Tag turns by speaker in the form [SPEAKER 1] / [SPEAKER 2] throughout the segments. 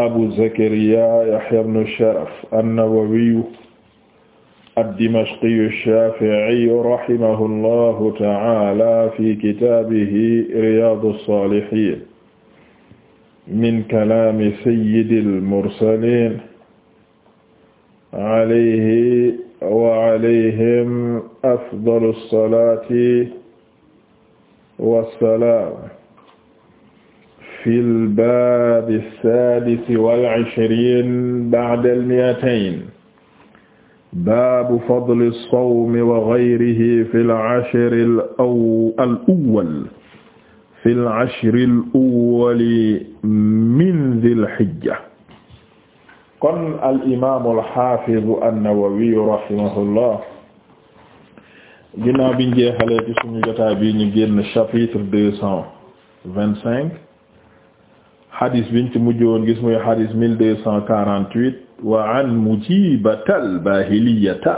[SPEAKER 1] abu zakariya yahya bnu sharaf annawawiyu addimashqiyu shaafi'iyu rahimahu llahu ta'ala fi kitaabihi riyaadu saalihiin min kalaami sayyidil mursaliin alayhi wa alayhim afdalu salaati wa salaam fi al-baab as-saadis wal ishriin ba'da al-mi'atayn baabu fadli as-sawmi wa ghayrihi fi al-ashr al-awwal fi al-ashr al-awwal min dhil hijja. kon al-imaam al-haafiz an-Nawawi rahimahullah ginnaaw bi ñu jeexalee ci sunu jotaay bi ñu génn chapitre deux cent vingt-cinq xadis biñ ci mujjoon gis muy xadis mille deux cent quarante-huit wa an mujibata albahiliyata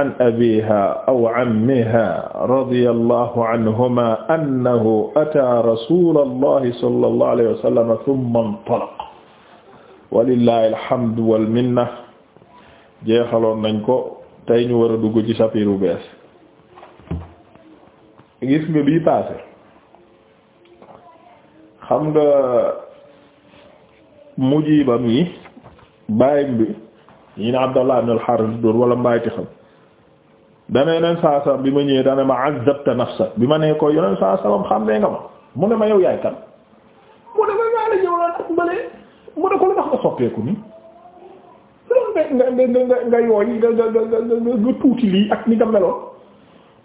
[SPEAKER 1] an abiha aw ammiha radiyallahu anhuma annahu ata rasulallahi sallallahu alayhi wa sallam thumma intalaqa walillahi alhamdu wal minna jeexaloon nañ ko tey ñu war a dugg ci chapitre bu bees gis nga bii passé xam nga mujibam yi bàyyim bi ñi ne Abdallah ibn al-Harith dóor wala mbayti xam dana bi ma ñëwee dana ma azabta nafsa bi ma nee ko yeneen saa mu ne ma yow yaay kan mu ne ma maa la ak yooy nga nga nga nga tuuti lii ak ni nga meloon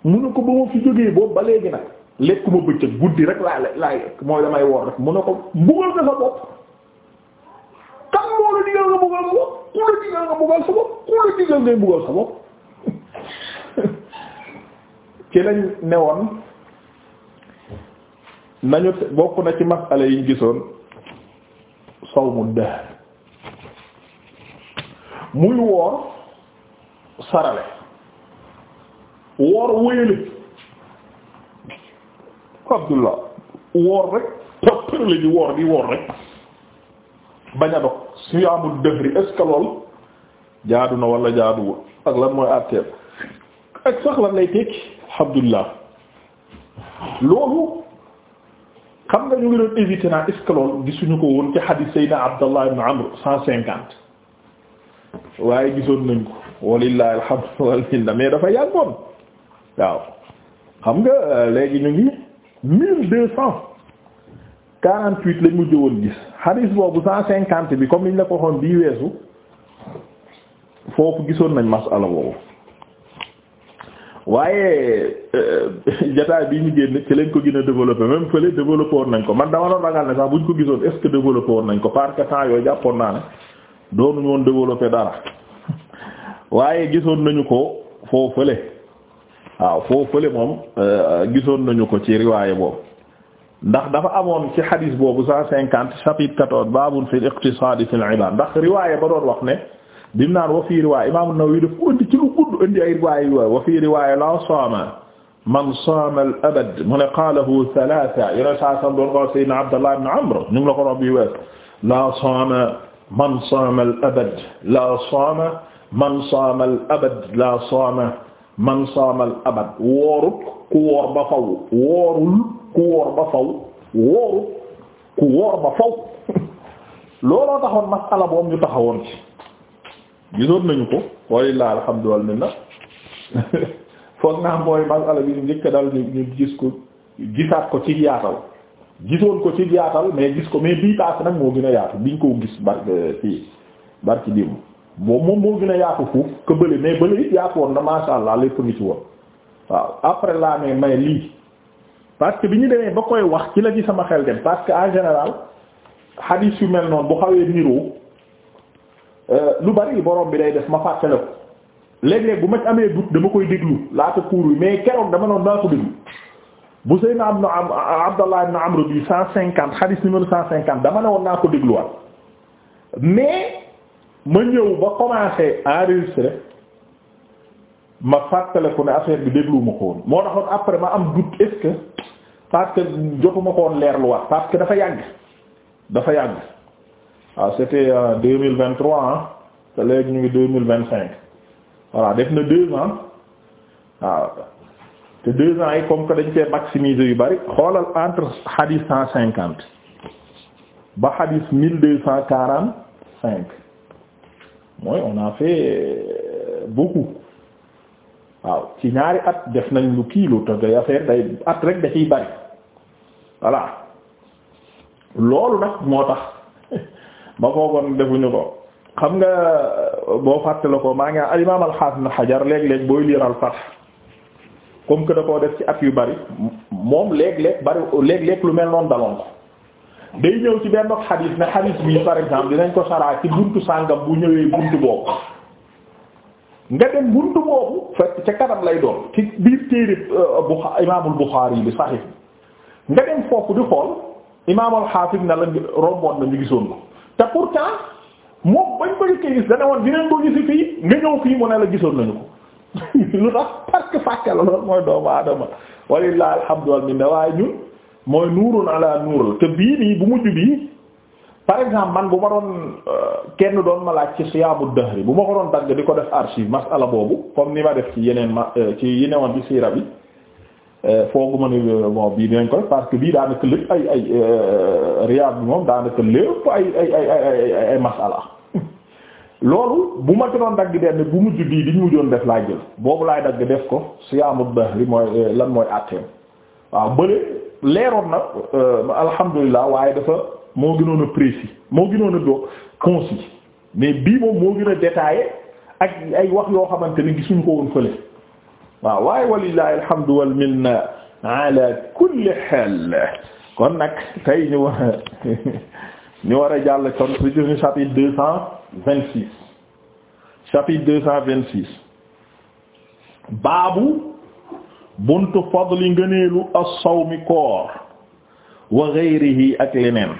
[SPEAKER 1] mu ne ko ba ma fi jógee boobu ba léegi nag lekkuma bëccëg guddi rek laa la laay mooy damay woor rek mu ne ko mbugal nga sa bopp mbugal sa bopp ku la digal nga mbugal sa la yi gisoon sawmu muy woor sarale woor wéyale abdullah woor di woor rek bañ a dog su dëhri est-ce jaadu na walla jaadu jaaduwul ak lan mooy àtteel ak sax lan lay tekki alhamdulilah loolu xam nga ñu ngi doon éviter naa est-ce gisuñu ko woon ci hadith Seydina Abdallah ibn Amr cent cinquante waaye gisoon nañ ko walillahi alhamdu wal minna mais dafa yàgg waaw xam nga euh, léegi ñu ngi quarante-huit lañ mu woon gis xadiis boobu cent cinquante bi comme niñ la ko waxoon bii weesu foofu gisoon nañ masala boobu waaye euh, jataay bii ñu génn ci lañ ko gën a développé même fële développé woon nañ ko man dama doon ragal ne sax buñ ko gisoon est-ce que développé woon nañ ko parce que temps yooyu jàppoon naa ne doonuñu woon développé dara waaye gisoon nañu ko foo le waaw foo fële moom euh, gisoon nañu ko ci riwaaye boobu ndax dafa amoon ci xadis boobu cent cinquante chapitre quatorze babun fi al-iqtisad fi al-ibad ndax riwaaya ba doon wax ne bi mu naan wa fii riwaaya imam an-Nawawi dafa indi ci lu gudd indi ay riwaaya yooyu la saama man sam doon ko sayyidina Abdallah ibn ñu ngi la ko rox bi weer la saama man saama al-abad la saama man saama al-abad la saama man saama al-abad woorut ku woor ba faw ku woor ba faw wooru ku woor ba faw looloo taxoon masala boobu ñu taxawoon ci gisoon nañu ko walilah alhamdu wal minna foog naa mooy masala bi ñu njëkk dal ñu gis ko gisaat ko ci yaatal gisoon ko ci yaatal mais gis ko mais bii paas nag moo gën a yaatu biñ ko gis bar euh, ci bar ci démb boobu moom moo gën a yaatu foofu que bële mais bële it yaatu woon na masha Allah lépp ngi woon waaw après laa ne lii parce que bi ñu demee ba koy wax ci la ci sama xel dem parce que en général hadith yu mel noonu bu xawee niroo euh, lu bari borom bi day def ma fàttale ko léeg-léeg bu ma ci amee doute dama koy déglu laata kuur yi mais keroog dama noonu daa ko déglu bu Seydina am Abdallah ibn Amr bi cent cinquante hadith numéro cent cinquante dama ne woon naa ko dégluwaat mais ma ñëw ba commencer enregistrer ma fàttaliku ne affaire bi dégluwuma ko woon moo taxoon après ma am doute est que parce que jotuma leer lu leerluwaat parce que dafa yàgg dafa yàgg waaw ah, c'était deux mille vingt trois ah te léegi ñu ngi deux mille vingt cinq voilà def na deux ans waaw ah, te deux ans yi comme que dañ cee maximiser yu bari xoolal entre hadith cent cinquante ba hadith mille deux cent quarante cinq mooy on a fait beaucoup. waaw ci ñaari at def nañ lu kiilo te day affaire day at rek da ciy bari voilà loolu nag moo tax ma foogoon defuñu ko xam nga boo fàttale ko maa ngi al imaam na xajar léeg-léeg booy liiral fath comme que da koo def ci at yu bari moom léeg-léeg bari léeg-léeg lu mel noonu daloon ko day ñëw ci benn xadiis ne xadiis bi par exemple dinañ ko saraa ci buntu sàngam bu ñëwee buntu boobu nga dem buntu boobu fekk ca kanam lay doon ci biir téere euh, bu imaamul Buxaari bi saxiix bi nga dem foofu di xool imaamul Xaafis na la romboon na ñu gisoon ko te pourtant moom bañ ko jëkkee gis dana woon dinañ ko gisi fii nga ñëw fii mu ne la gisoon nañu ko lu tax parce que fàkke la loolu mooy doomu aadama walillahi alhamdu wal waaye ñun mooy nuurun ala nuur te bii nii bu mujj bii par exemple man bu ma doon euh, kenn doon ma ci siyaamu dahri bu ma ko doon dagg di ko def archive masala boobu comme ni ma def ci yeneen ma euh, ci yi newoon ci euh, ma ne ko def bii daanaka lépp moom daanaka lépp ay loolu bu ma ci doon dagg denn bu mujj bii def laa jël laay dagg def ko siyaamu dahri mooy lan mooy àtteem leeroon na alhamdulilah waaye dafa. moo gënoon a précis moo gënoon a do concis mais bii moom moo gën a détaillé ak ay wax yoo xamante ni gisuñu ko woon fële waaw waaye walillahi alhamdu wal minna ala kulli hal kon nag tey ñu war a war a jàll kon suñu chapitre deux cent vingt six chapitre deux cent vingt six baabu buntu fadli ngëneelu as-sawmi koor wa ghayrihi ak leneen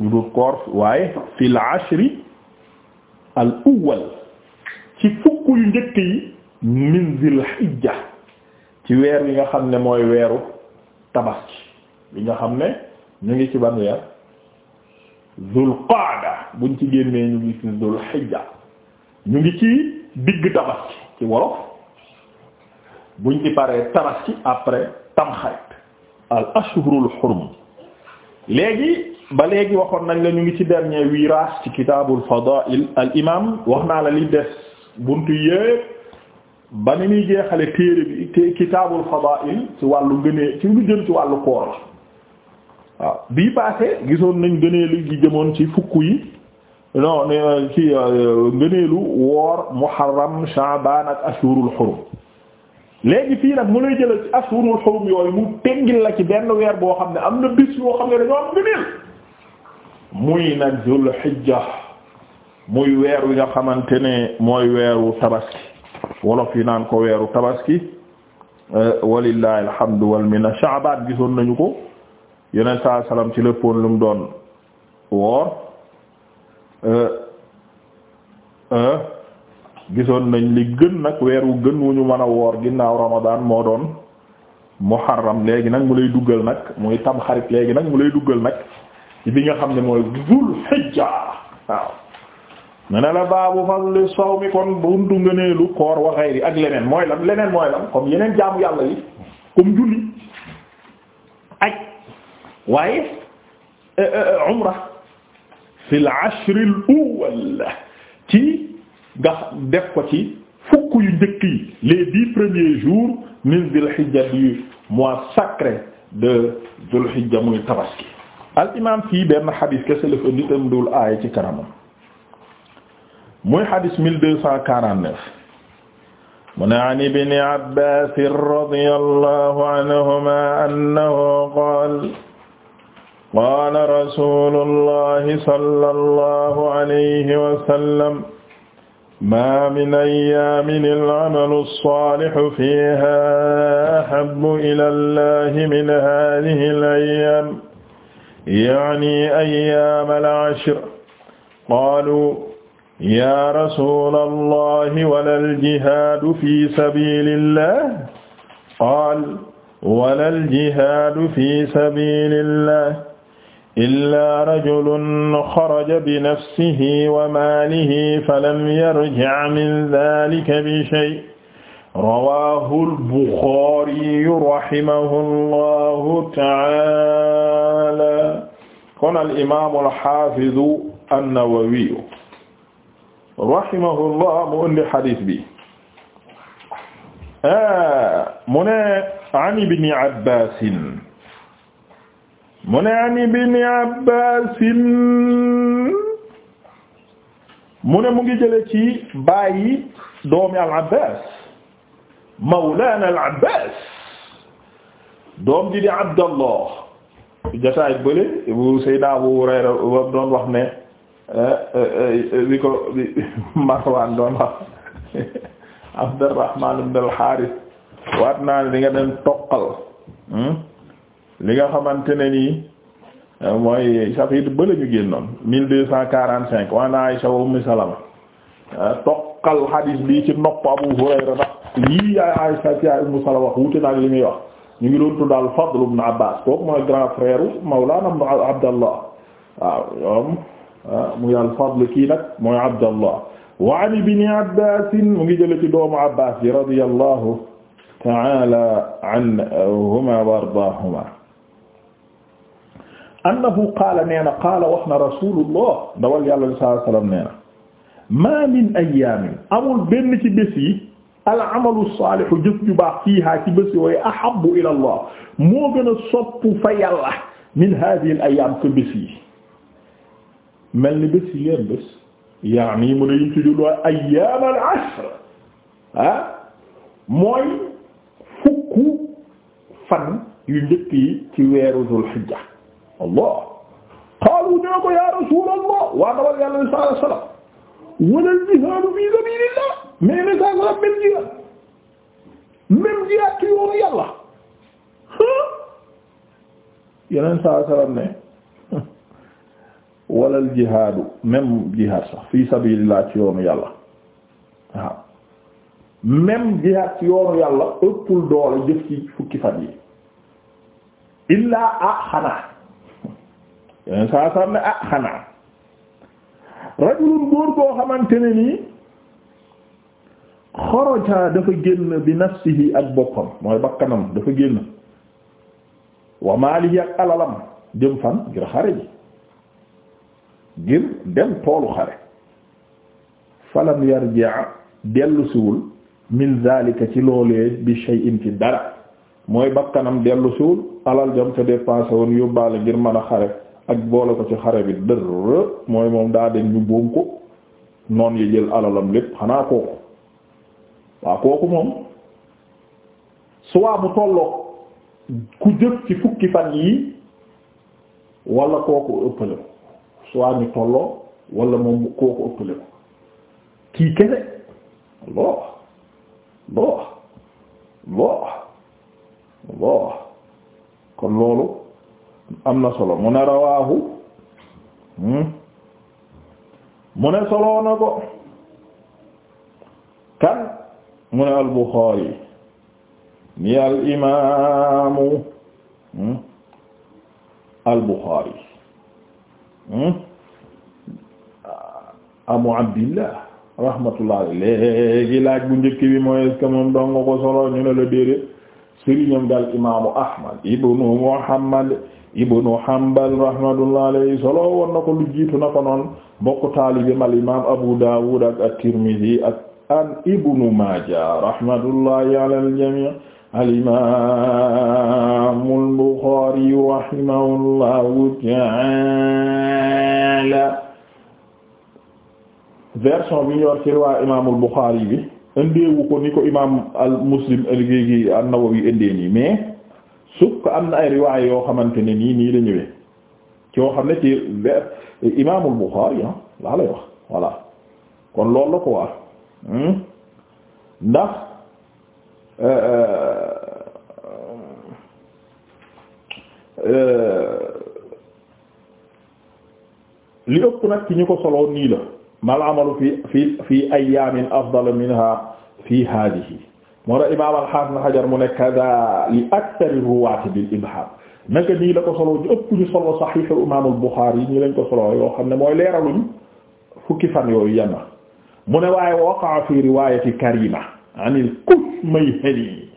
[SPEAKER 1] lu dul koor waaye fil ashri al awwal ci fukk yu njëkk yi min zil hijja ci weer wi nga xam ne mooy weeru tabaski bi nga xam ne ñu ngi ci ban weer zul qaada buñ ci génnee ñu ngi ci zul hijja ñu ngi ci digg tabaski ci wolof buñ ci paree ci après tamxarit al ashhurul hurum léegi ba léegi waxoon nañ la ñu ngi ci dernier virage ci kitaabul fadaa'il al imam wax naa la li des buntu yépp ba ni muy jeexale téere bi te kitaabul fadaa'il ci wàllu ngënee ci lu jëm ci wàllu koor la waaw bii paase gisoon nañ ngëneelu gi jëmoon ci fukk yi non euh, ci euh, ngëneelu woor muharram sha'baan ak ashurul hurum léegi fii nag mu lay jëlal ci ashurul hurum yooyu mu teggil la ci benn weer boo xam ne am na bis yoo xam ne dañoo am ngëneel muy nag Dul Hijja muy weer wi nga xamante ne mooy weeru tabaski wolof yi naan ko weeru tabaski eh, walillahi alhamdu wal minna Sha'baan gisoon nañu ko yeneen saa ci ci léppoon lu mu doon woor eh, eh, gisoon nañ li gën nag weer wu gën wu ñu mën a woor ginnaaw Ramadan moo doon muharram léegi nag mu lay duggal nag muy tam xarit léegi nag mu lay duggal nag ci bi nga xam ne mooy Zul Hijja waaw ne ne la baabu fadli sawmi kon buntu ngëneelu koor wa xayri ak leneen mooy lan leneen mooy lan comme yeneen jaamu yàlla yi comme julli aj waaye eh, eh, eh, umra fil ashril awwal ci nga def ko ci fukk yu njëkk yi les dix premiers jours min Zul Hijja du mois sacré de Zul Hijja muy tabaski al imam fii benn xadis kese la fa nitam dul aaya ci kanamam muy xadis mille deux cent quarante-neuf mu ne an ibni abbas radiyallahu anhuma annahu qaala qaala rasulullahi sallallahu alayhi wa sallam ma min ayyaamin al-amalu as-saalihu fiihaa ahabbu ila allahi min haadihi al-ayyaam yaani ayyaama al-ashr qaalu yaa rasuula allahi wala al-jihaadu fi sabiilillah qaala wala al-jihaadu fi sabiilillah illaa rajulun xaraja binafsihi wa maalihi falam yarji' min dhaalika bi shay' rawahul Buxaari rahimahullahu ta'ala kon al imaamu al xaafidu an-Nawawi rahimahullah mu indi xadis bi mu ne an ibni Abbaas mu ne an ibni Abbaas mu ne mu ngi jële ci bàyyi doomi al Abbaas mawlaana al Abbaas doom ji di Abdallah jotaay bële bu Seydina Abu Hurayra doon wax ne eh, eh, eh, li ko Marwaan doon wax Abdurrahmaan ibn al Haaris waat naa ne di nga dem toqal hmm? li nga xamante ne nii mooy chapitre bële ñu génnoon mille deux cent quarante cinq wa Aysa Salama toqal xadiis bi ci nopp Abu Hurayra yii yaay Aysa ci yaay Ummu Salama wax wuute naag li muy wax ñu ngi doon tudd al-Fadl ibn Abbas kooku mooy grand frère Mawlana Abdallah waaw ñoom ah, muy al-Fadl kii nag mooy Abdallah wa an ibn Abbas mu ngi jële ci doomu Abbas yi radiyallahu ta'ala anhuma wa ardaahuma annahu qaala nee na qaala wax na rasulullah dawal yàlla sallallahu alayhi wa sallam nee na ma min ayyaamin amul benn ci bés yi al amalu saalihu jëf ju baax fiiha ci bés yooyu ahabbu ila allah moo gën a soppu fa yàlla min hadhihi al ayyam que bés yi mel ni bés yi leen bés yaani mu ne yim ci julwaa ayyam al ashr ah mooy fukku fan yu njëkk yi ci weeru dhul hijja allah qaalu ñoo ko ya rasul allah waa dawal yàlla sallallahu alayhi wasallam wal jihadu fi sabilillah mais message la même jihaad même jihaad ci yoonu yàlla yeneen saa salaam ne walal jihaadu même jihaad sax fi sabilillah ci yoonu yàlla waaw même jihaad ci yoonu yàlla ëppul doole jëf ci fukki fan yi illaa ah xanaa yeneen saa ne ah xanaa rajulun góor boo xamante nii xoroja dafa génn bi nafsihi ak boppam mooy bakkanam dafa génn wa maalihi ak alalam jëm fan ngir xare ji ngir dem toolu xare falam yarji dellusiwul min zalika ci loolee bi shay'in ci dara mooy bakkanam dellusiwul alal jam te dépensé woon yóbbaale ngir man a xare ak boole ko ci xare bi dër mooy moom daa dem ñu boom ko noon yi jël alalam lépp xanaa kooku waaw kooku moom soit bu tolloog ku jëf ci fukki fan yii wala kooku ëppale ko soit ñu tolloo moom kooku ëppale ko kii kese loo loo loo loo kon loolu am na solo mu ne rawaahu hmm? mu ne soloo na ko kan mu ne al-Bukhari ni al-imaamu hmm, al-Bukhari hmm, Abu Abdillah rahmatullah léegi laaj bu njëkk bi mooy est-ce moom dong ko solo ñu ne la déedéet sëriñam daal imaamu Ahmad ibnu Muhammad ibnu Hanbal rahmatullah alayhi solo woon ko lu jiitu na ko noon mbokk taalibeem al imaam Abu Dawud ak at-Tirmidhi an ibnu Maaja rahmatullahi ala al-jamii al-imaamu al-Buxaari rahimahullahu ta'aala version bi ñu yor ci riwaaya imaamul Buxaari bi indeewu ko ni ko al-Muslim al-Gigi an nii mais suuf am na riwaaya yoo xamante ne nii nii la ñëwee ci ne ci imaamul Buxaari ah laa lay wax kon loolu la quoi. Hmm? ndax euh, euh, euh, li ëpp nag ci ñu ko soloo nii la mal amalu fi fi fi ayaamin afdal minha fi hadihi moo tax imaam al-Hasan Hajar mu ne kada li aktar ruwaati bil ibham naka nii la ko soloo ñu ëpp ñu solo Sahih al-Imam al-Bukhari yi ñi lañ ko soloo yoo xam ne mooy leeraluñ fukki fan yooyu yenna mu ne waaye waqa'a fi riwaayati Karima anil Kushmayhani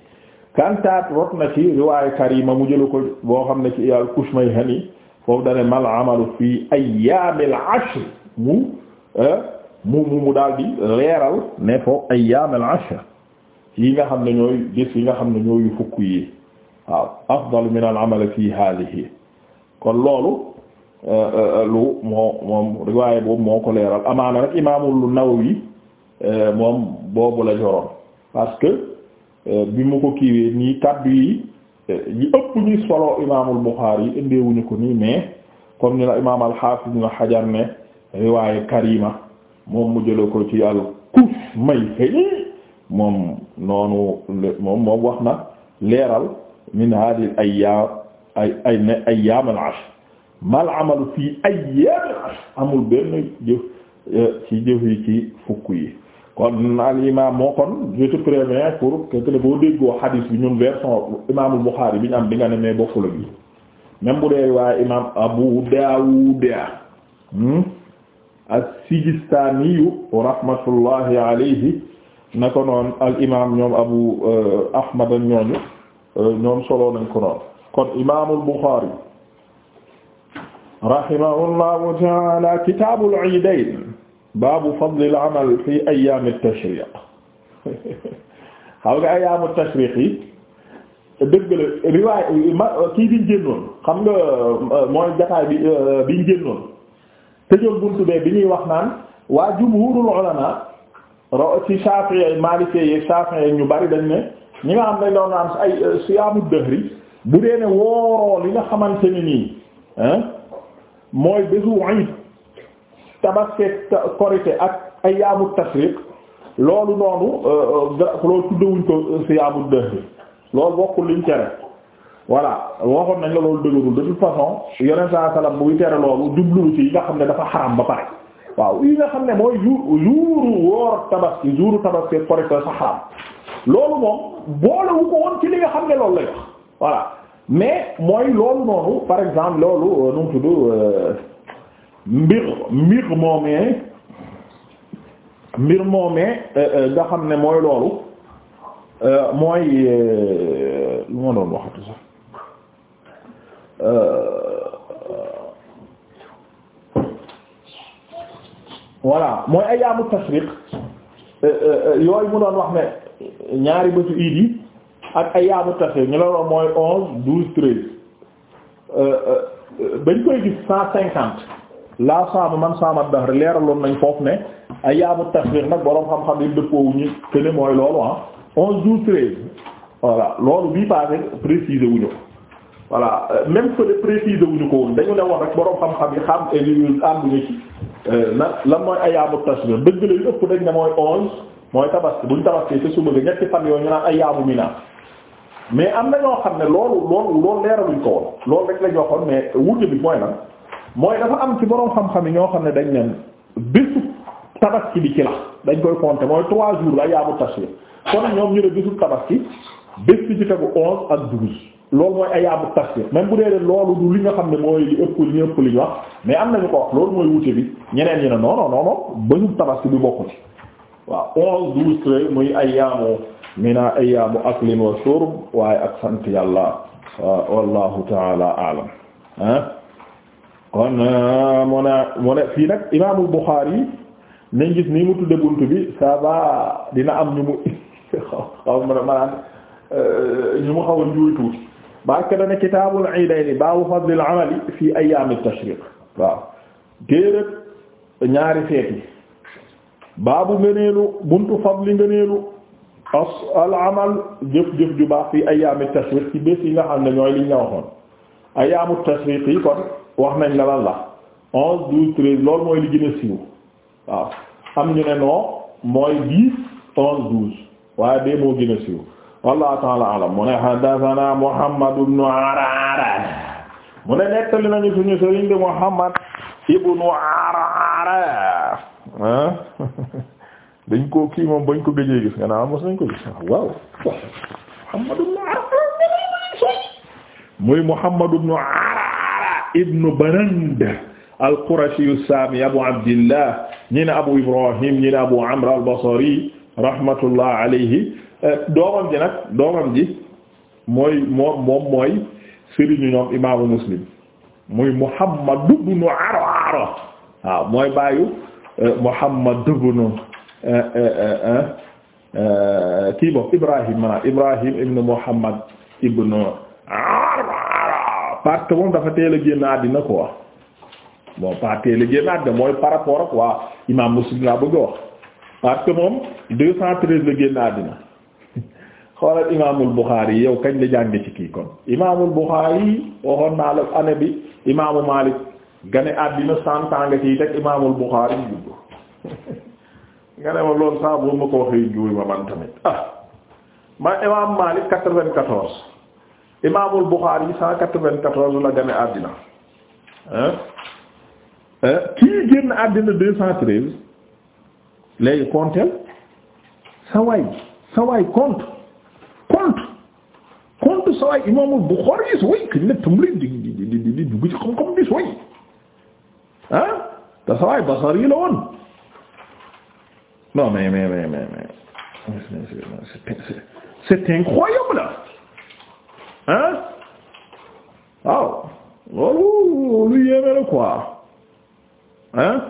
[SPEAKER 1] kantaat rot na ci riwaaya Karima mu jëlu ko boo xam ne ci al Kushmayhani foofu dane mal amalu fi ayyaamil ashr mu eh, mu mu mu daal di leeral ne foofu ayyaamil ashr yi nga xam ne ñooy gis yi nga xam ne ñooyu fukk yi waaw afdalu min al amal fi hadhihi kon loolu Euh, euh, lu moo moom riwaaye boobu moo ko leeral amaana rek imaamul Nawawi euh, moom boobu la joroon parce que bi mu ko kiiwee nii kaddu yi ñi ëpp ñi solo imaamul Buxaari indeewuñu ko nii mais comme ni la imaam al-Hafiz Ibn ne riwaaye Karima moom mu jële ko ci al-Kushmayhani moom noonu moom moom wax na leeral min hadhihi al ay ay ayyaam al mal amalu fii ayyaami amul benn jëf eh, ci jëf yi ci fukk yi kon al imam moo kon pour que boo déggoo xadis bi ñun version imamul Bukhari bi ñu am di ne mais bokkul bi même bu dee waaye imam Abu Dawud hmm? as-Sijistaniyu rahmatullahi alayhi na ko noon al imam ñoom Abu eh, Ahmad ak ñooñu eh, ñoom solo nañ ko noon kon imamul Bukhari rahimahullahu ta'ala kitaabul iidayn baabu fadlil amal fi ayyaamit tashriiq xam nga ayyaamut tashriiq yi dëgg la riwaay kii biñ génnoon xam nga mooy jataay bi biñ génnoon tëjoon buntu bee bi ñuy wax naan waa jumhuurul ulamaa ci Shaafi'i Maalikee yi Shaafi'i ñu bari dañ ne ñi nga xam ne doon naan ay siyaamu dëhri bu dee ne wooroo li nga xamante ne nii mooy bésu iid tabaskeek korite ak ayyaamu tashriq loolu noonu euh, euh, loolu tuddewuñ ko siyaamu dëhri loolu bokkul liñ tere voilà waxoon nañ la loolu dëgërul de toute façon yeneen saa salaam buy tere loolu jubluwu ci yi nga xam ne dafa xaram ba pare waaw yi nga xam ne mooy jour jouru woor tabaski jouru tabaski korite sa xaram loolu moom boolewu ko woon ci li nga xam ne loolu lay wax mais mooy loolu noonu par exemple loolu euh, nu mu tudd euh, mbir mbir moomee mbir moomee euh, nga xam ne mooy loolu mooy lu ma doon waxatu sax voilà mooy ayaamu tashriq yooyu mu doon wax ne ñaari bëtu iid ak ay yaamu tase ñu la loolu mooy onze douze treize euh, euh, bañ koy gis cent cinquante laa saama man saama dahr leeraloon nañ foofu ne ay yaamu tashriq nag boroom xam-xam yi dëppoowuñu te ne mooy loolu ah onze douze treize voilà loolu bii passé préciser wuñu ko voilà euh, même que préciser wuñu ko woon dañu ne woon rek boroom xam-xam yi xam yu ànduñu ci na lan mooy ay yaamu tashriq dëgg la yu ëpp dañ ne mooy onze mooy tabaski buñ tabaski te suba ga ñetti fan yooyu ñu naan ay yaamu mina mais am na ñoo xam ne loolu loolu loolu leeraluñ ko woon loolu rek la ñu waxoon mais wuute bi mooy lan mooy dafa am ci boroom xam-xam yi ñoo xam ne dañ neen bésu tabaski bi ci la dañ koy compter mooy trois jours la yaabu tashriq kon ñoom ñu ne bésu tabaski bés bi ci tegu onze ak douze loolu mooy ayaabu tashriq même bu dee loolu du li nga xam ne mooy li ëpp li ñu ëpp li ñu wax mais am nañu ko wax loolu mooy wuute bi ñeneen ñi ne non non non non bésu tabaski bi bokku ci waaw onze douze treize muy ayaamu mina ayaamu aklin wa shurb waaye ak sant yàlla wallahu taala alam ah kon ah, mu ne mu ne fii nag imaamul Buxaari nañ gis nii bi ça dina am ñu mu xaw ma maanaam euh, ñu mu a njuuy tuuti barke dana baabu fadlil amali fi ayaami tashriq ñaari feet baabu ngëneelu buntu fadli ngëneelu al amal jëf-jëf ju baax fi ayyaami tashriq ci bés yi nga xam ne ñooy li ñu la waxoon ayyaamu tashriq yi kon wax nañ la lan la onze douze treize loolu mooy li gën a siiw waaw am ñu ne non mooy dix onze douze waaye bee moo gën a siiw wallahu ta'ala alam mu ne haddathana Muhammad ibn Arara mu ne nettali nañu suñu sëriñ bi Muhammad ibn Arara dañ koo kii moom bañ ko gëjee gis nga naa ah mos nañ ko gis waaw Muhammad ibn Ararat muy Muhammad ibn Ararat ibnu Banand al-Qurashi as-Sami Abu Abdillah ñi Abu Ibrahim ñi Abu Amr al-Basri rahmatullah alayhi doomam ji nag doomam ji mooy moom mooy sëriñu ñoom imaamu Muslim muy Muhammad ibn Ararat waaw mooy baayu eh, Muhammad ibn kii boog Ibrahim maanaam Ibrahim ibn Muhammad ibn Arara moom dafa teel a génn àddina quoi a mooy par rapport ak waa imaam wax parce que moom deux cent treize la génn àddina xoolal imaamul Bukhari yow kañ la jànge ci kii kon imaamul Bukhari waxoon naa la année bi imaamu Malik gane àddina cent ans nga ciy teg imaamul Bukhari juddu nga ne ma loolu saa boo ma ko waxee juuy ma man tamit ah ma imaam Maalik quatre-vingt-quatorze imaamul Buxaari cent quatre-vingt-quatorze la gane àddina hein kii génn àddina deux cent treize léegi compteel sa waay sa compte compte compte sa imaamul Buxaari su way këñ la tëmb di di di di dugg ci xam-xam bi su way hein te sa waay basar yi la woon non mais mais mais la quoi hein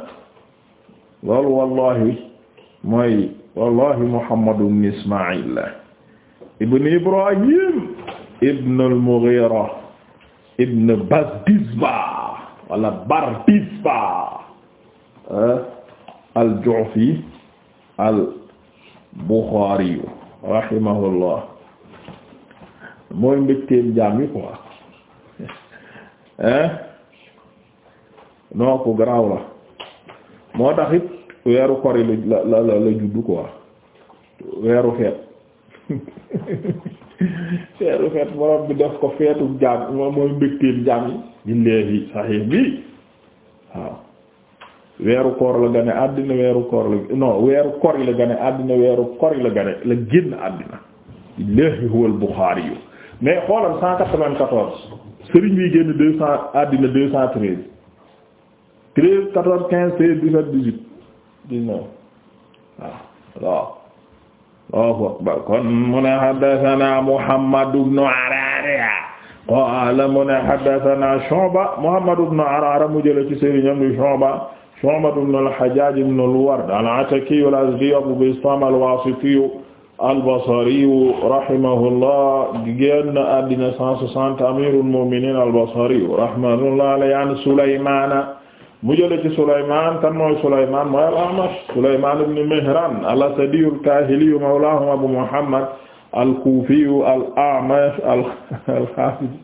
[SPEAKER 1] wallahi mooy wallahi Muhammad ibn Ismaïl ibn Ibrahim ibn al-Mughira ibn Bardizba Bardizba al al Buxaari rahimahullah mooy mbégteem jaam yi quoi hein noo ko garaaw la moo taxit weeru kori la la la la juddu quoi weeru feet weeru feet borom bi def ko feetu jaam mooy mbégteem jaam yi billaahi saxiix bi weeru koor la gane àddina weeru koor la non weeru koor la gane àddina weeru koor yi la gane la génn àddina léegi huwal Bukhari yu mais xoolal cent quatre-vingt-quatorze sëriñ bi génn deux cent àddina deux cent treize treize quatorze quinze seize dix-sept dix-huit dix-neuf waaw Allahu akbar kon mu ne haddathana Muhammad ibn Arara qaala mu ne haddathana Shu'ba Muhammad ibn Arara mu jële ci sëriñam di Shu'ba Shu'batu ibn al-Hajjaj ibn al-Ward al-Ataki al-Azdi Abu Bistam al-Wasiti al-Basri rahimahullah génn àddina 160 amirul mu'minin al-Basri rahimahullah alayhi an Sulaymana mu jële ci Sulaymaan kan mooy Sulaymaan mooy al-A'mash Sulaymaan ibn Mihran al-Asadi al-Kahili mawlahum Abu Muhammad al-Kufi al-A'mash al-Hafiz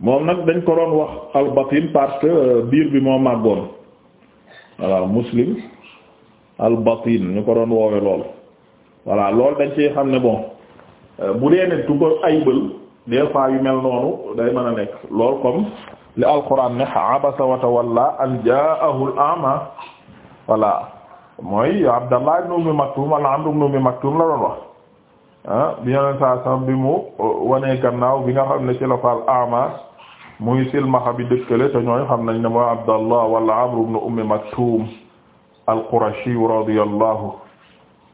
[SPEAKER 1] moom nag dañ ko doon wax albatin parce que euh, biir bi moo màggoon voilà muslim albatin ñu ko doon woowe lool voilà loolu dañ ci xam ne bon euh, bu dee ne du ko aybal des fois yu mel noonu day mën a nekk lool comme li alquran ne abasa wa tawalla an jaahu al a'ma voilà mooy abdallah ibn ummi maktum wala amr ibn ummi maktum la doon wax ah bi yeneen saa sam bi mu uh, wanee gannaaw bi nga xam ne ci la faal A'mash muy silmaxa bi dëkkale te ñooy xam nañ ne mooy Abdallah wala Amru ibn Ummi Maktum al-Qurashi radiyallahu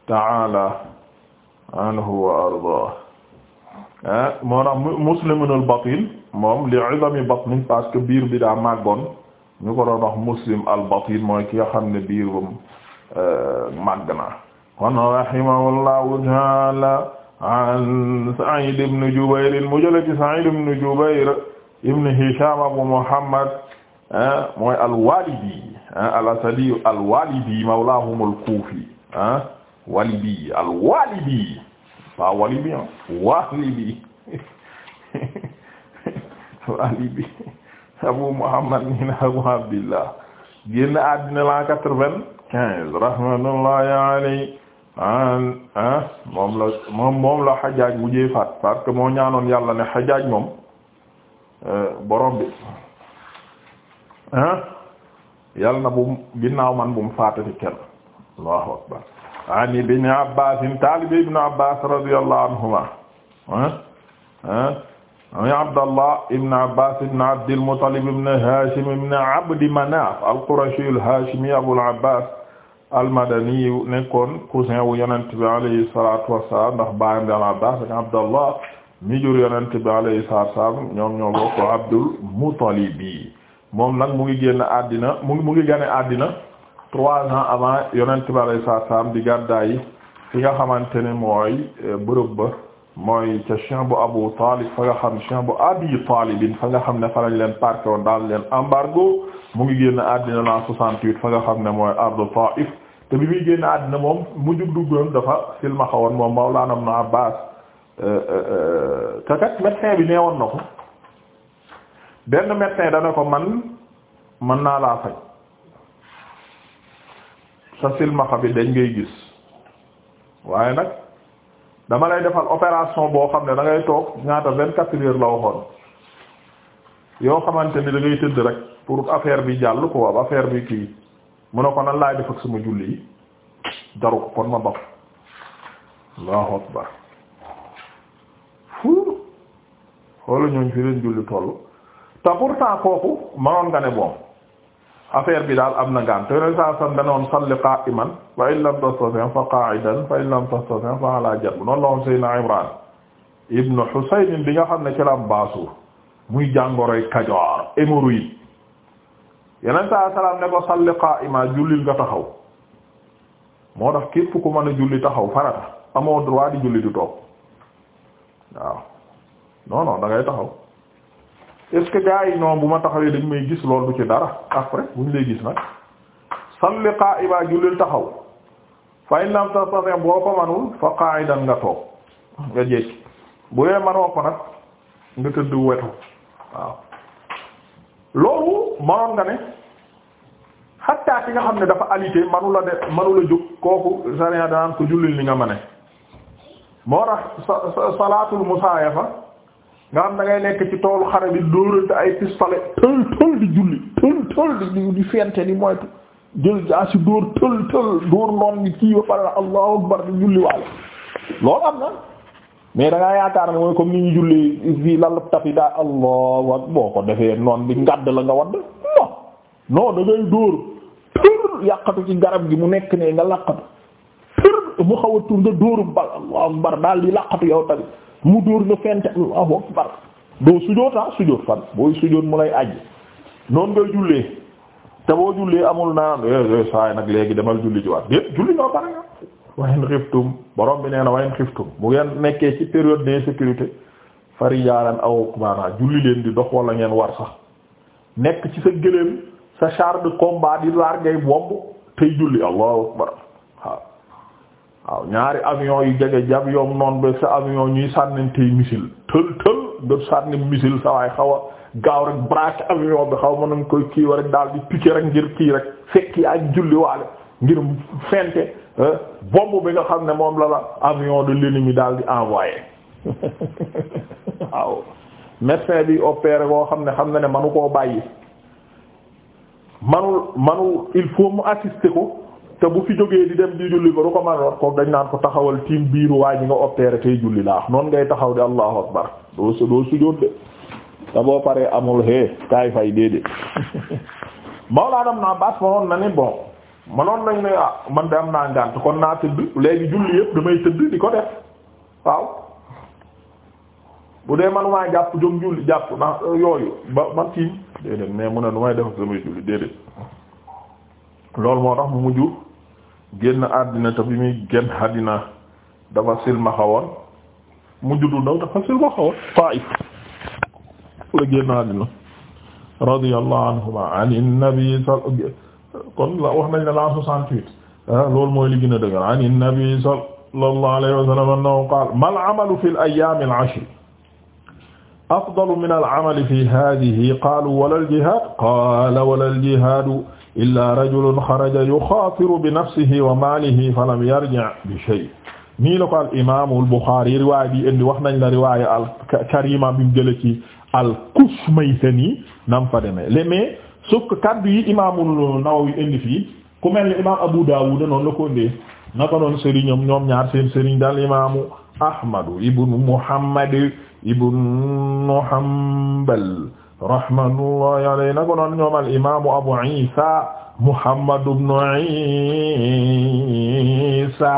[SPEAKER 1] ta'ala anhu wa ardaah eh, moo tax Muslimun al-Batin moom li izami batnin parce biir bi daa màggoon ñu ko doon wax Muslim al-Batin mooy ki nga xam ne biir bam eh, màgg na kon rahimahullahu an Sa'id ibn Jubayr mu jëlee ci Sa'id ibn Jubayr ibn Hisham Abu Muhammad ah, mooy al-Walidi ah, al-Asadi al-Walidi mawlahum al-Kufi ah, Walidi al-Walidi pas Walibi ah Walidi Walidi Abu Muhammad ibn Abu Abdillah génn àddina la quatre-vingt-quinze rahmatullahi alayhi an ah moom la moom moom la xajaaj mujjee faat parce que moo ñaanoon yàlla ne xajaaj moom euh, borom bi ah yàlla na bum ginnaaw man bum faatati kenn allahu akbar an ibn abbas taalibe ibn abbas radiyallahu anhuma ah ah an abdallah ibn abbas ibn abdil muttalib ibn hashim ibn abdi manaf al qurashi al hashimi abul abbas almadani nekkoon cousin wu yonent bi alayhi salatu a ndax baayam di al abbas ak abdallah mi jur yonent bi alayhi salatu wassalam ñoom ñoo bokk abdul muttalibi moom nag mu ngi génn àddina mu mu ngi gane àddina trois ans avant yonent bi alayhi salatu di gàddaay fi nga xamante ne mooy eh, bërëb ba mooy ca chien bu abu talib fa nga xam chien bu abi talibin fa nga xam ne fa lañ leen parqué woon daal leen embargo mu ngi génn àddina la 68 fa nga xam ne mooy ardu Taif te bi muy génn àddina moom mu jug duggoon dafa silma xawoon moom Mawlana Ibn Abbas euh, euh, euh, te kat bi nee woon na ko benn médecin dana ko man mën naa laa faj sa silmaxa bi dañ ngay gis waaye nag dama lay defal opération boo xam ne dangay toog ñaata vingt-quatre la waxoon yoo xamante ni da ngay tëdd rek pour affaire bi jàll quoi affaire bi kii mu ne ko nan laay def ak julli yi jaru kon ma bam allahu akbar fu xoolu ñooñ fi leen julli toll te pourtant kooku manoon nga ne bon affaire bi daal am na ngaan te yoneen danoon salli qa'iman fa in lam tastatin fa qa'idan fa in lam tastatin fa ala janb noonu la woon Seydina ibnu Husayn bi nga xam ne ci baasuur muy jàngoroy kajoor hémorroïde yeneen saa salaam ne ko salli qaa'ima jullil nga taxaw moo tax képp ku mën a julli taxaw farata amoo droit di julli di toog waaw non non taxaw est-ce que bu ma taxawee dañ may gis loolu ci dara après bu ñu lay gis nag salli qaa'ima jullil taxaw fa in lam boo ko manul fa qaa'idan nga toog nga jekki bu dee manoo ko nag nga tëdd wetu waaw. loolu manoon nga ne xatta ki nga xam ne dafa alité manu de manu la jóg kooku sariya daan ko jullil li nga ma ne moo tax sa salaatul musaayafa nga xam da ngay nekk ci toolu xare bi dóorante ay pistolet tël tël di julli tël tël di di fente ni moytu jël jaa si dóor tël tël dóor noon ni kii ba pare la allahu akbar di julli waale loolu am na mais da ngaa yaakaar ne mooy comme ni ñu julli fii lal tapi daa allahu ak boo ko defee noon bi ngàdd la nga wadd non da ngay dóor tër yàqatu ci garab gi mu nekk ne nga làqatu mu xaw a tur nga dóoru bal daal di yow tamit mu dóor nga fente allahu akbar doo ah, jullee te boo jullee amul naan eh, eh, saay nag léegi demal julli ci waat julli ñoo bara wa in xiftum borom bi nee na wa in xiftum bu ngeen nekkee ci période d'insécurité farijaalan aw maanaam julli leen di dox wala ngeen war sax nekk ci sa gëléem sa char de di laar ngay bomb tey julli allahu akbar waaw waaw ñaari avion yu jege jab yoom noon ba sa avion ñuy sànnantey missile tël tël nga sànni missile sa waay xaw a gaaw rek braque avion bi xaw mënañ koy kii wa rek daal di piqué rek ngir kii rek fekk yaa julli waale ngir fente bomb bi nga xam ne moom la la avion de l'ennemi daal di envoyé waaw médecin bi opéré koo xam ne xam na ne manu koo bàyyi manul manul il faut mu assister ko te bu fi jógee di dem di julli ba du ko mën a ko dañ naan ko taxawal tiim biiru waa ji nga opéré tey julli laa noonu ngay taxaw di allahu akbar doo doo sujjóot de te boo paree amul hee kaay fay déedéet Mawlana Ibn Abbas waxoon na ne bon. manoon nañ ne ah man de am naa ngànt kon naa tëdd léegi julli yëpp damay tëdd di ko def waaw bu dee man maa jàpp jom julli jàpp na euh, yooyu ba man tiim déedéet mais mu ne nu may def damay julli déedéet loolu muy génn àddina dafa du ndaw dafa silmaxa woon Taif la génn àddina radiyallahu anhuma an nabi kon la wax nañ la la 68 ah, loolu mooy li gën a dëgër an nabi sallallahu alayhi wa sallam annahu qaala mal amalu fil ayyaamil ashr afdalu minal amali fi haadihi qaalu walal jihaad qaala walal jihaadu illaa rajulun xaraja yuxaafiru bi nafsihi wa maalihi falam yarji' bi shay' nii la ko al imaamul Buxaari riwaay bi indi wax nañ la riwaaya al Karima bi mu jëlee ci al Kushmaythani nam fa demee sauf que kaddu yi imaamul Nawawi indi fii ku mel ni imaam Abu Dawud noonu la ko indee naka noonu sëriñam ñoom ñaar seen sëriñ daal imaamu Ahmadu ibnu Muhammad ibnu Hanbal rahmatullahi alayhi naka noonu ñoom al imaamu Abu Isa Muhammad ibnu Isa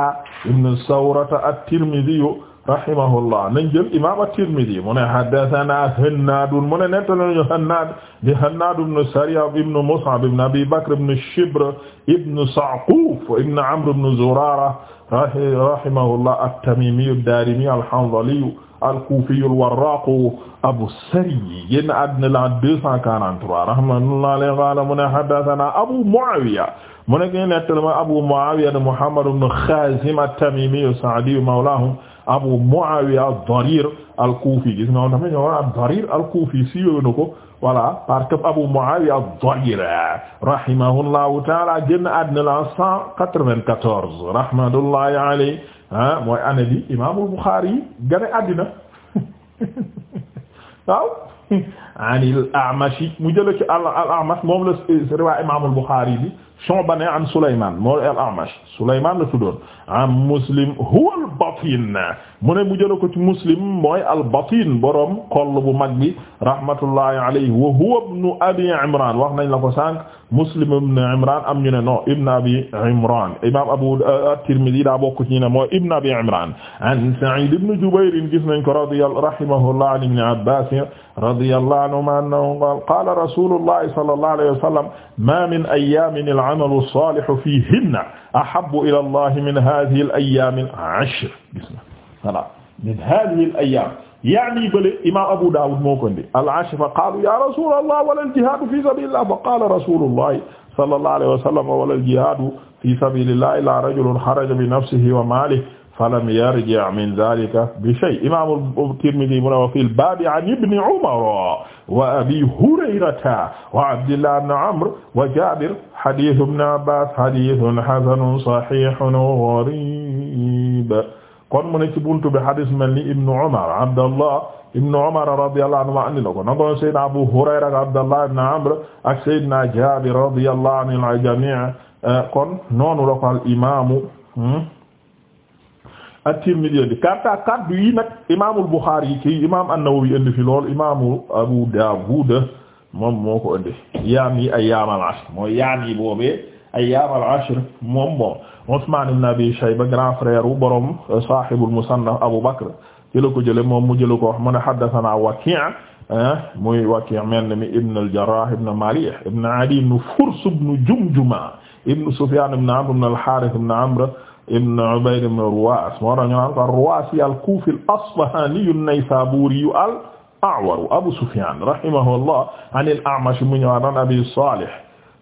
[SPEAKER 1] ibnu Sawrata at-Tirmidhi rahimahullah nañ jël imam at-Tirmidhi mu ne haddathana Hannaad mu ne nettalañu Hannaad di Hannaad ibn Saryab ibn Mus'ab ibn Abi Bakr ibn Shibr ibn Sa'quf ibn Amr ibn Zurara rahimahullah at-Tamimi ad-Darimi al-Hanzali al-Kufi al-Warraq Abu Sariyy génn àddina la 243 rahimahullah alayhi qala mu ne haddathana Abu Mu'awiya mu ne nettalañu Abu Mu'awiya Muhammad ibn Khazim at-Tamimi as-Sa'di mawlahum Abu Muawiya ad-Darir al-Kufi gis nga tamit ñoo ad-Darir al-Kufi siiwee na ko voilà parce que Abu Muawiya ad-Darir rahimahullahu ta'ala génn àddina la 194 rahmatullahi alayhi ah mooy année bi Imaamul Bukhari gane àddina waaw anil A'mash mu jëlee ci al-A'mash moom la riwaa Imaamul Bukhari bi Shu'ba an Sulaymaan moo al-A'mash Sulaymaan la tuddoon am Muslim huwa al-Batin mu ne mu jëla ko ci muslim mooy albatin borom xoll bu mag bi rahmatullahi alayhi wa huwa ibnu abi imran wax nañ la ko sànq muslim ibnu imran am ñu ne non ibnu abi imran imam abu euh, at-tirmidhi daa bokk ci ñu ne mooy ibnu abi imran an sa'id ibnu jubayr gis nañ ko radi rahimahullah an ibn abbas radiyallahu anhuma annahu qala qala rasulullahi sallallahu alayhi wa sallam ma min ayyamin al-amalu as-salihu fihinna ahabbu ila allahi min hadhihi al-ayyamin ashr voilà min hadhihi al ayyam yaani bële imam Abu Dawud moo ko indi al-ashra fa qaalu ya rasulallah wala al-jihadu fi sabilillah fa qala rasulullah sallallahu alayhi wa sallam wala al-jihadu fi sabilillah illa rajulun xaraja bi nafsihi wa maalihi falam yarji min dhalika bi shay imam Tirmidhi mu ne wa fil baabi an ibni Umar wa abi Hurayrata wa Abdillah ibn Amr wa Jabir hadith ibn Abbas hadithun hasanun sahihun gharib kon mu ne ci buntu bi hadis mel ni ibnu umar abdallah ibnu umar radiyallahu anhu ma andi na ko na ko sayyidina abu hurayra ak abdallah ibn amr ak sayyidina jabir radiyallahu anil jami' eh, kon noonu la ko al imamu hmm, at-Tirmidhi indi karta kaddu yi nag imaamul Bukhari ci imaam an-Nawawi indi fi lool imaamu Abu Dawud moom moo ko indi yaam yi ay yaamal ashr mooy yaam yi boobee ay yaamal ashr moom moom Usman ibn Abi Shayba grand frère wu borom euh, sahibul Musannaf Abu Bakr ci la ko jëlee moom mu jëlee ko wax mu ne haddathana Waki' ah, muy Waki' mel mi ibn al-Jarrah ibn Malih ibn Adi ibn Furs ibn Jumjuma ibn Sufyan ibn Amr ibn al-Harith ibn Amr ibn Ubayd ibn Ruwas moo tax ñu naan ko ar-Ruwasi al-Kufi al-Asbahani an-Naysaburi al-A'war Abu Sufyan rahimahullah an al-A'mash mu ñëwaat an Abi Salih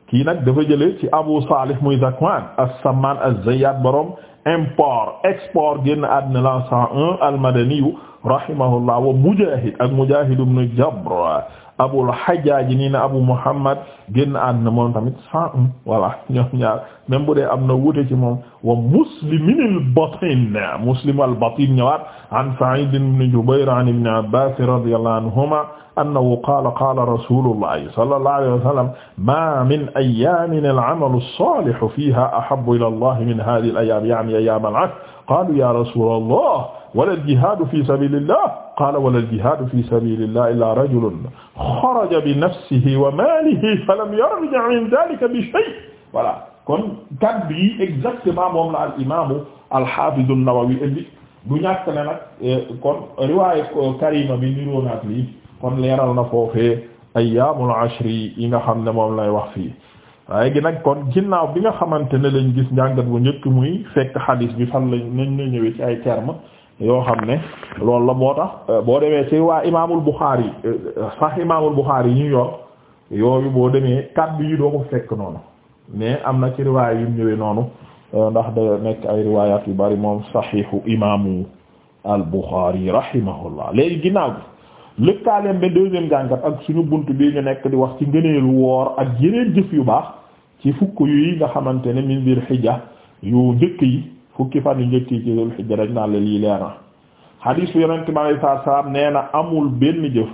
[SPEAKER 1] kii nag dafa jëlee ci Abu Salih muy Zakwan as-Samman az-Zayyat borom import export génn àddina la 101 al-Madani rahimahullah wa Mujahid ak Mujahid ibn Jabr Abul Hajjaaj nii na Abu Muhammad génn ànd na moom tamit cent un voilà ñoom ñaar même bu dee am na wuute ci moom wa Muslimin al-Batin Muslim al-Batin ñëwaat an Sa'id ibn Jubayr an Ibn Abbas radiyallahu anhuma annahu qaala qaala Rasulullah sallallahu alayhi wa sallam ma min ayyamin al-amalu as-salihu fiha ahabbu ila Allah min hadhihi al-ayyam ya'ni ayyam al-'ashr qalu ya Rasulullah wala al-jihadu fi sabilillah qaala wala al-jihaadu fi sabiilillaahi illaa rajulun xaraja bi nafsihi wa maalihi falam yarji' min dhaalika bi shay' voilà kon kàddu yi exactement moom la al imaamu al-haafiz an-Nawawi indi du ñàkk ne nag eh, kon riwaaya Karima bi niroo naat lii kon leeral na foofee ayyaamul ashri yi nga xam ne moom lay wax fii. waaye gi nag kon ginnaaw bi nga xamante ne lañ gis njàngat bu njëkk muy fekk xadiis bi fan lañ nañ la ñëwee ci ay termes. yoo xam ne loolu la moo tax euh, boo demee ci waa imaamul Buxaari euh, sax imaamul Buxaari yi ñu yor yooyu boo demee kàddu yi doo ko fekk noonu mais am na ci riwaay yu ñëwee noonu euh, ndax da nekk ay riwaayaat yu bari moom saxiixu imaamu al Buxaari rahimahullah léegi ginnaaw bi lëkkaaleem bi deuxième gàngat ak suñu bunt bi ñu nekk di wax ci ngëneelu woor ak yeneen jëf yu baax ci fukk yi nga xamante ne min biir xija yu njëkk yi fukki fan yu njëkk yi ci dul lii leer na xadiis bi yonent bi alayhi salaatu salaam nee na amul benn jëf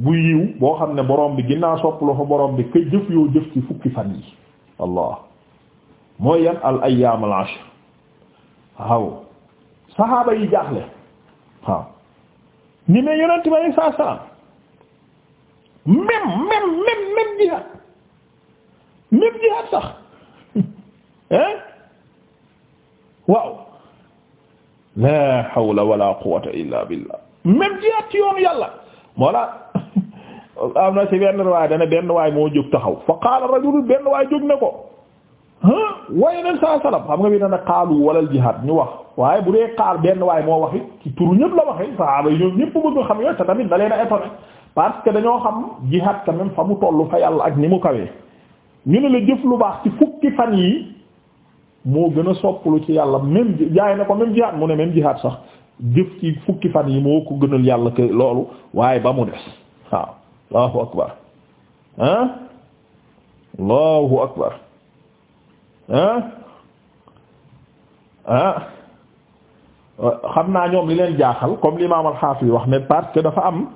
[SPEAKER 1] bu yiw boo xam ne borom bi ginnaa sopp la fa borom bi kay jëf yoo jëf ci fukki fan yi allah mooy yan al ayyaam al waaw saxaaba yi jaaxle waaw ñu ne yonent bi alayhi salaatu salaam même même même même jihaad même jihaad sax hein waaw la hawla wala quwwata illa billah même jihaad ci yoonu yàlla voilà am na ci benn waay dana benn waay moo jóg taxaw fa qaala rajulun benn waay jóg ne ko ah waaye nag saa salam xam nga bi dana qaalu walal jihaad ñu wax waaye bu dee qaal benn waay moo waxi ci turu ñëpp la waxi sahaaba yi ñoom ñëpp bëgg xam yooyu te tamit da leen a étonné parce que dañoo xam jihaad quand même fa mu tollu fa yàlla ak ni mu kawee ñu ne la jëf lu baax ci fukki fan yi moo gën a soppalu ci yàlla même jaay na ko même jihaad mu ne même jihaad sax jëf ci fukki fan yi moo ko gënal yàlla que loolu waaye ba mu des waaw allahu akbar ah xam naa ñoom li leen jaaxal comme l'imam al yi wax ne parce que dafa am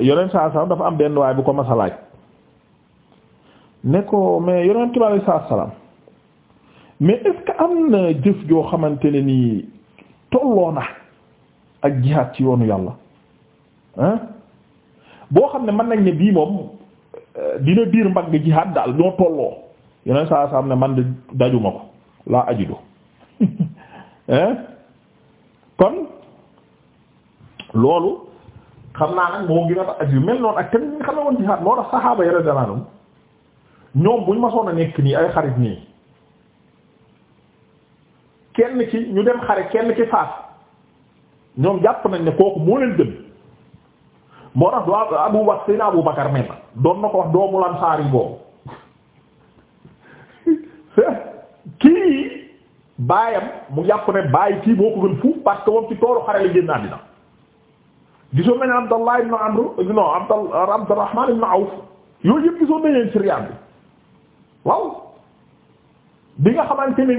[SPEAKER 1] yoneen saa sax dafa am benn waay bu ko mas a laaj ne mais yonent bi alayhi salaatu salaam mais est am na jëf joo xamante ne nii tolloo na ak jihaad ci yoonu yàlla boo xam ne man nañ ne bii moom euh, dina diir mbagg jihaad daal ñoo tolloo yonent saa salaam ne man de dajuma ko laa ajidu kon loolu xam naa nag moo gën a aju mel noonu ak tamit ñi xam ne woon jihaad moo tax saxaaba yara danaanum ñoom buñ ma soon a nekk nii ay xarit nii kenn ci ñu dem xare kenn ci faas ñoom jàpp nañ ne kooku moo leen gën moo tax doo abu bakar seen abu bakar mel doon na ko wax doomu lansaar yi boobu kii baayam mu jàpp ne baay kii boo ko gën fuuf parce que moom ci toolu xare la génn àddina gisoo mel ne abdallah ibn amru non abdal abdurrahman ibn awf yooyu yëpp gisoon nañ leen bi waaw bi nga xamante ne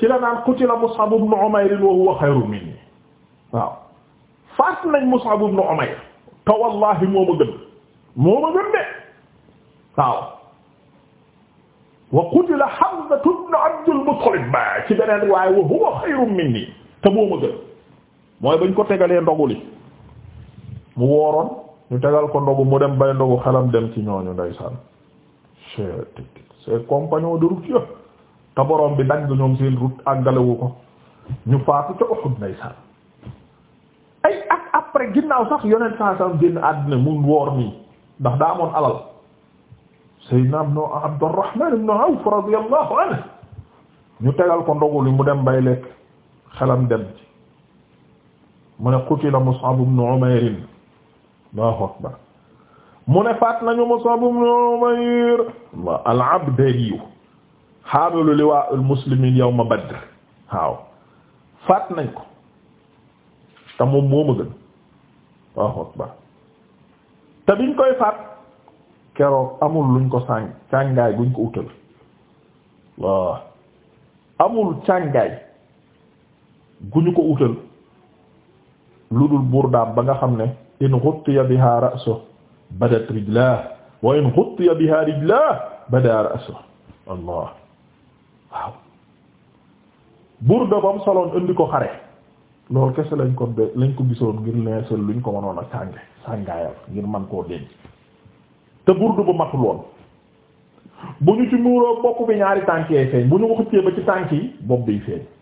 [SPEAKER 1] ci la naan qutila Mus'ab ibn Umayr wa waaw faat nañ Mus'ab ibn Umayr te wallaahi moo ma gën moo ma gën de waaw wa qutila Hamza ibn Abdul Muttalib ci beneen waaye wa huwa xayrun minni te moo ma gën mooy bañ ko tegalee ndogu li mu wooroon ñu tegal ko ndogu mu dem bay ndogu xelam dem ci ñooñu ndeysaan c'est compagnon de route yëpp te borom bi dagg ñoom seen route àggalewu ko ñu faatu ca Uhud ndeysaan ay ak après ginnaaw sax yonent saa saam génn àddina mun woor nii ndax daa amoon alal Seydina ibn Abdurrahman ibn Awf radiyallahu anhu ñu tegal ko ndogu li mu dem bay lekk xelam dem ci mu ne qutila Mus'ab ibn Umayr Allahu akbar mu ne faat nañu Mus'ab ibn Umayr al-Abdali haamilu liwaa al-muslimiin yawma Badr waaw faat nañ ko te moom moo ma gën waaw te biñ koy faat keroog amul luñ ko sàng càngaay buñ ko utal waaw amul càngaay guñu ko utal lu dul burdaam ba nga xam ne in ghuttiya biha ra'su badat rijlah wa in xuttiya biha rijlah bada ra'suhu allah waaw burda bam soloon indi ko xare loolu kese lañ ko be lañ ko gisoon ngir leesal luñ ko mënoon ak sànge sàngaayal ngir man koo denc te burdu bu matuloon bu ñu ci muuroo bopp bi ñaari tànk yi feeñ bu ñu ko xëccee ba ci tànk yi bopp biy feeñ